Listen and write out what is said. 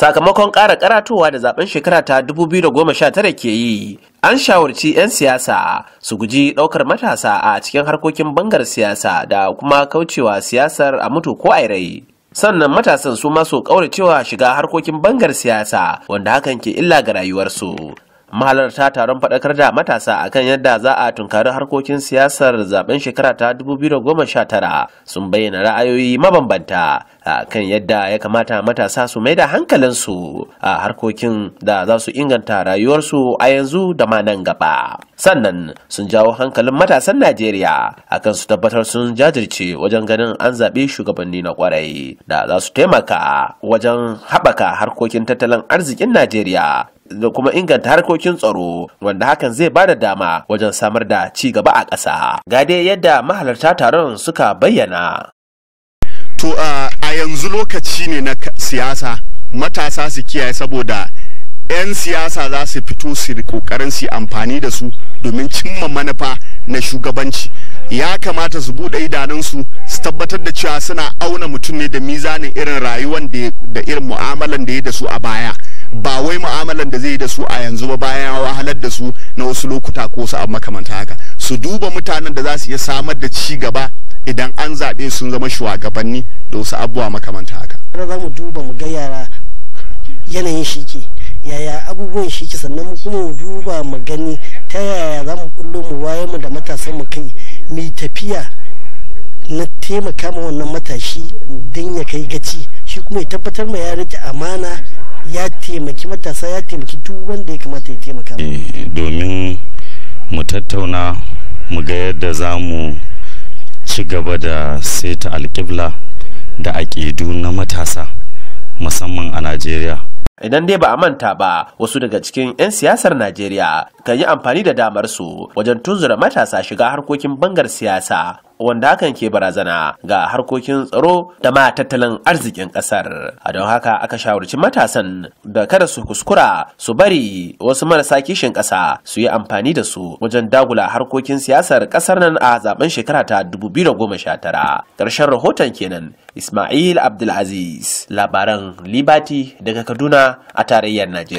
sakamakon ƙara karatowa da zaben shekara ta 2019 ke yi an shawarci 'yan siyasa su guji ɗaukar matasa a cikin harkokin bangar siyasa da kuma kaucewa siyasar a mutu ko rai. sannan matasan su masu ƙauracewa shiga harkokin bangar siyasa wanda hakan ke illa ga rayuwarsu mahalarta taron faɗakar da matasa akan yadda za a tunkari harkokin siyasar zaben shekara ta 2019 sun bayyana ra'ayoyi mabambanta kan yadda ya kamata matasa su mai da hankalinsu a harkokin da za su inganta rayuwarsu a yanzu da ma nan gaba. sannan sun jawo hankalin matasan najeriya akan su tabbatar sun jajirce wajen ganin an zaɓi shugabanni na kwarai da za su taimaka wajen haɓaka harkokin tattalin arzikin najeriya da kuma inganta harkokin tsaro wanda hakan zai bada dama wajen samar da ci gaba a ƙasa ga dai yadda mahalarta taron suka bayyana to a yanzu lokaci ne na siyasa matasa su kiyaye saboda 'yan siyasa za su fito su kokarin su amfani da su domin cimma manufa na shugabanci ya kamata su buɗe idanunsu su tabbatar da cewa suna auna mutum ne da mizanin irin rayuwar da irin mu'amalan da ya da su a baya ba wai mu'amalan da zai yi da su a yanzu ba bayan wahalar da su na wasu lokuta ko su abu makamanta haka su duba mutanen da za su iya samar da ci gaba idan an zaɓe sun zama shugabanni da wasu abubuwa makamanta haka. za mu duba mu ga yanayin shi ke yaya abubuwan shi ke sannan kuma mu duba mu gani ta yaya za mu kullo mu wayar mu da matasan mu kai mai tafiya na taimaka ma wannan matashi don ya kai gaci shi kuma ya tabbatar ma ya rike amana ya taimaki matasa ya taimaki duk wanda ya kamata ya taimaka eh, domin mu tattauna mu ga yadda za mu ci gaba da saita alƙibla da aƙidu na matasa musamman a najeriya idan dai ba a manta ba wasu daga cikin 'yan siyasar najeriya kan yi amfani da damar su wajen tunzura matasa shiga harkokin bangar siyasa wanda hakan ke barazana ga harkokin tsaro da ma tattalin arzikin kasar a don haka aka shawarci matasan da kada su kuskura su bari wasu marasa kishin kasa su yi amfani da su wajen dagula harkokin siyasar kasar nan a zaben shekara ta 2019 ƙarshen rahoton kenan ismail abdulaziz labaran Libati daga kaduna a tarayyar najeriya